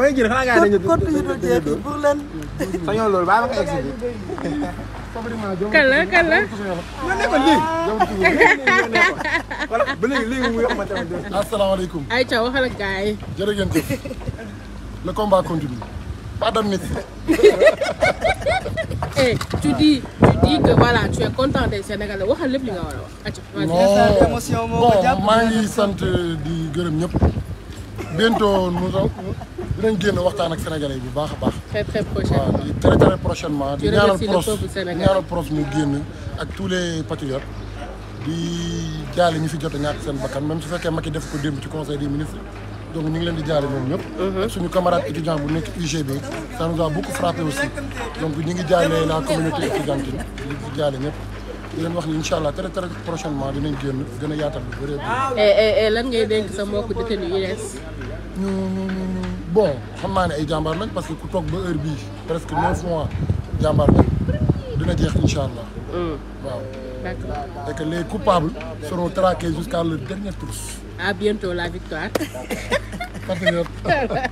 may jël xanaa ngaa dañu dóor pour lan sañoo loolu baa ma nga expliqué kala kala ñoo nekkoon léegi ba léegi léegi ma ay ca waxal ak gars yi jërë ngeen jëf continue pas d'amnistie eh tu dis tu dis que voilà tu es content des Sénégalais waxal lépp li nga war a wax. non émotion moo ko jàpp bon maa ngi sant di gërëm ñëpp dinañ génn waxtaan ak sénégalais yi bu baax a baax. très très prochainement waaw très très prochainement. di ñaanal pros di ñaanal génn ak tous les patriotes. di jaale ñi fi jot a seen bakkan même su fekkee Macky def ko démb ci conseil des ministres donc ñu ngi leen di jaale ñoom ñëpp. Uh-huh. suñu camarade étudiant bu nekk UGB. ça nous a beaucoup frappé aussi donc ñu ngi jaale la communauté étudiantine ñu ngi jaale ñëpp. di leen wax ni incha allah très très prochainement dinañ génn gën a yaatal lu bëri. sa mbokku bon xam naa ne ay jàmbaar lañ parce que ku toog ba heure bii presque neuf mois jàmbaar lañ dina jeex incha allah. Hmm. waaw. d'accord et que les coupables seront traqués jusqu'à leur dernière trousse. à bientôt la victoire.